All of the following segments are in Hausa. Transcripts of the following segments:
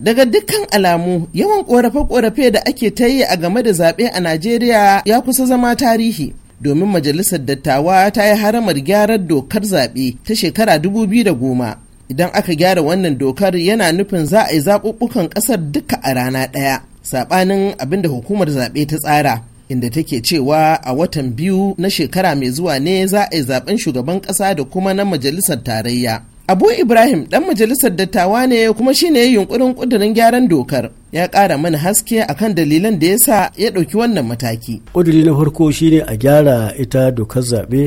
Daga dukkan alamu yawan korafe-korafe da ake ta yi a game da zaɓe a Najeriya ya kusa zama tarihi. Domin majalisar dattawa ta yi haramar gyarar dokar zaɓe ta shekara 2010. Idan aka gyara wannan dokar yana nufin za a yi zaɓuɓɓukan ƙasar duka a rana ɗaya, saɓanin abin da hukumar zaɓe ta tsara. inda take cewa a watan biyu na shekara mai zuwa ne za a yi zaɓen shugaban ƙasa da kuma na majalisar tarayya abu ibrahim dan majalisar dattawa ne kuma shine yunkurin kudirin gyaran dokar ya kara mana haske akan dalilan da yasa ya ɗauki wannan mataki kudiri na farko shine a gyara ita dokar zaɓe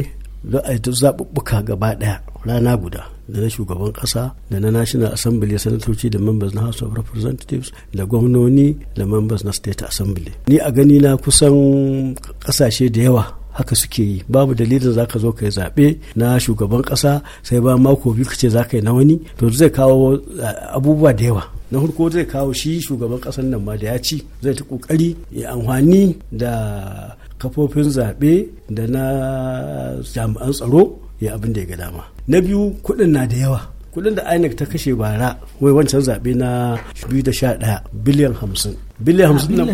za a yi zaɓuɓɓuka gaba ɗaya rana guda da na shugaban ƙasa da na national assembly sanatoci da members na house of representatives da gwamnoni da members na state assembly ni a gani na kusan ƙasashe da yawa haka suke yi babu dalilin za ka zo ka yi zaɓe na shugaban ƙasa sai ba mako biyu ka ce za ka yi na wani to zai kawo abubuwa da yawa na farko zai kawo shi shugaban ƙasar nan ma da ya ci zai ta ƙoƙari ya amfani da kafofin zaɓe da na jami'an tsaro ya abin da ya ga dama na biyu kuɗin na da yawa kuɗin da inec ta kashe bara wai wancan zaɓe na 2011 biliyan hamsin biliyan hamsin nan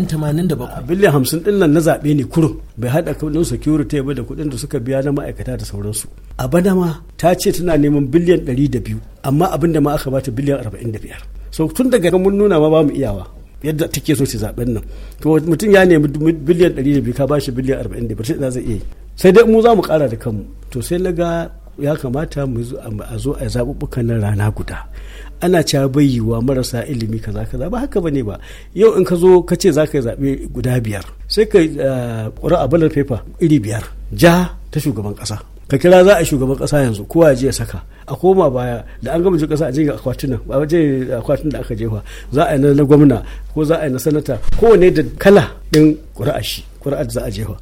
ah, biliyan hamsin din nan na zaɓe ne kurum bai haɗa kudin security ba da kuɗin da suka biya na ma'aikata da sauransu a bana ma ta ce tana neman biliyan ɗari da biyu amma abin da ma aka bata biliyan arba'in da biyar so tun daga mun nuna ma ba mu iyawa yadda take so ta zaɓen nan to mutum ya nemi biliyan ɗari da biyu ka bashi biliyan arba'in da biyar sai zai iya yi. sai dai mu za mu ƙara da kanmu to sai na ga ya kamata mu a zo a zaɓuɓɓukan nan rana guda ana cewa bayyawa marasa ilimi kaza kaza ba haka bane ba yau in ka zo ka ce za ka yi zaɓe guda biyar sai ka eh, ƙura a balar fefa iri biyar ja ta shugaban ƙasa ka kira za a shugaban ƙasa yanzu kowa ya je ya saka a koma baya da an gama jin ƙasa a je akwatuna ba je akwatunan da aka jefa za a yi na gwamna ko za a yi na sanata kowane da kala ɗin ƙura'a shi ƙuri'ar za a jefa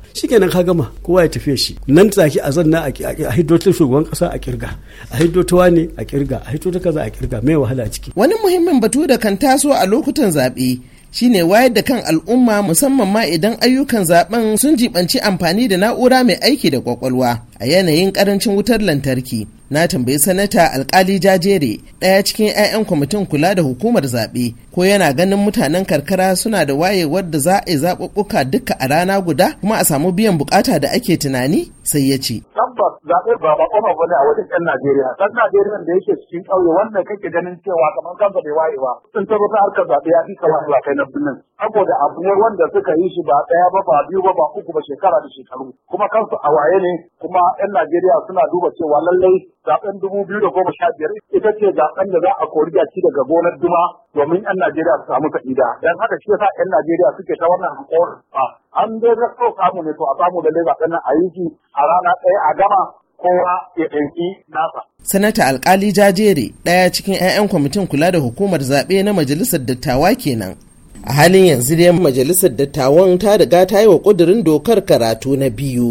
ka gama kowa ya tafiya shi nan ke a zanna a hiddotin shugaban ƙasa a kirga a ta ne a kirga a ta kaza a kirga mai wahala a ciki wani muhimmin batu da kan taso a lokutan zaɓe shine wayar da kan al'umma musamman ma idan ayyukan zaben sun jibanci amfani da na'ura mai aiki da kwakwalwa a yanayin karancin wutar lantarki na tambayi sanata alkali jajere ɗaya cikin 'ya'yan kwamitin kula da hukumar zaɓe ko yana ganin mutanen karkara suna da wayewar da za a yi zaɓuɓɓuka duka a rana guda kuma a samu biyan bukata da ake tunani sai ya ce. tabbas zaɓe ba ba kuma bane a wajen 'yan Najeriya ɗan Najeriya da yake cikin ƙauye wannan kake ganin cewa kamar kansa bai wayewa sun tabbata harkar zaɓe ya fi kamar zuwa kai na birnin saboda abu ne wanda suka yi shi ba ɗaya ba ba biyu ba ba uku ba shekara da shekaru kuma kansu a waye ne kuma 'yan Najeriya suna duba cewa lallai zaben dubu biyu da goma sha biyar ita ce zaben da za a kori ci daga gonar duma domin 'yan Najeriya su samu sa'ida. Don haka shi yasa 'yan Najeriya suke ta wannan hankali. An dai na samu ne to a samu da leba ɗan a yi a rana ɗaya a gama kowa ya ɗauki nasa. Sanata Alkali Jajere ɗaya cikin 'ya'yan kwamitin kula da hukumar zaɓe na Majalisar Dattawa kenan. A halin yanzu dai Majalisar Dattawan ta riga ta yi wa ƙudurin dokar karatu na biyu.